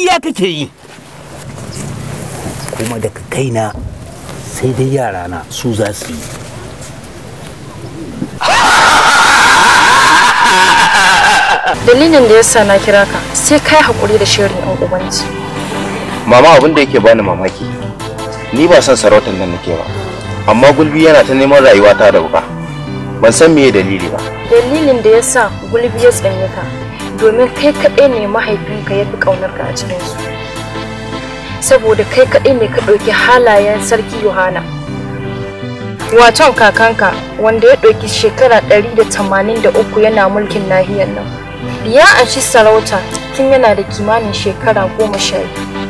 kariya kake yi kuma daga kaina sai dai yara na su za su yi dalilin da yasa na kira ka sai kai hakuri da shirin yan ubanci mama abin da yake bani mamaki ni ba son sarautar nan nake ba amma gulbi yana ta neman rayuwa ta da wuka ban san meye dalili ba dalilin da yasa gulbi ya tsanye ka domin kai kaɗai ne mahaifinka ya fi ƙaunarka a su. saboda kai kaɗai ne ka ɗauki halayen sarki yohana waton kakanka wanda ya ɗauki shekara 183 yana mulkin nahiyar nan ya anshi sarauta tun yana da kimanin shekara goma sha biyu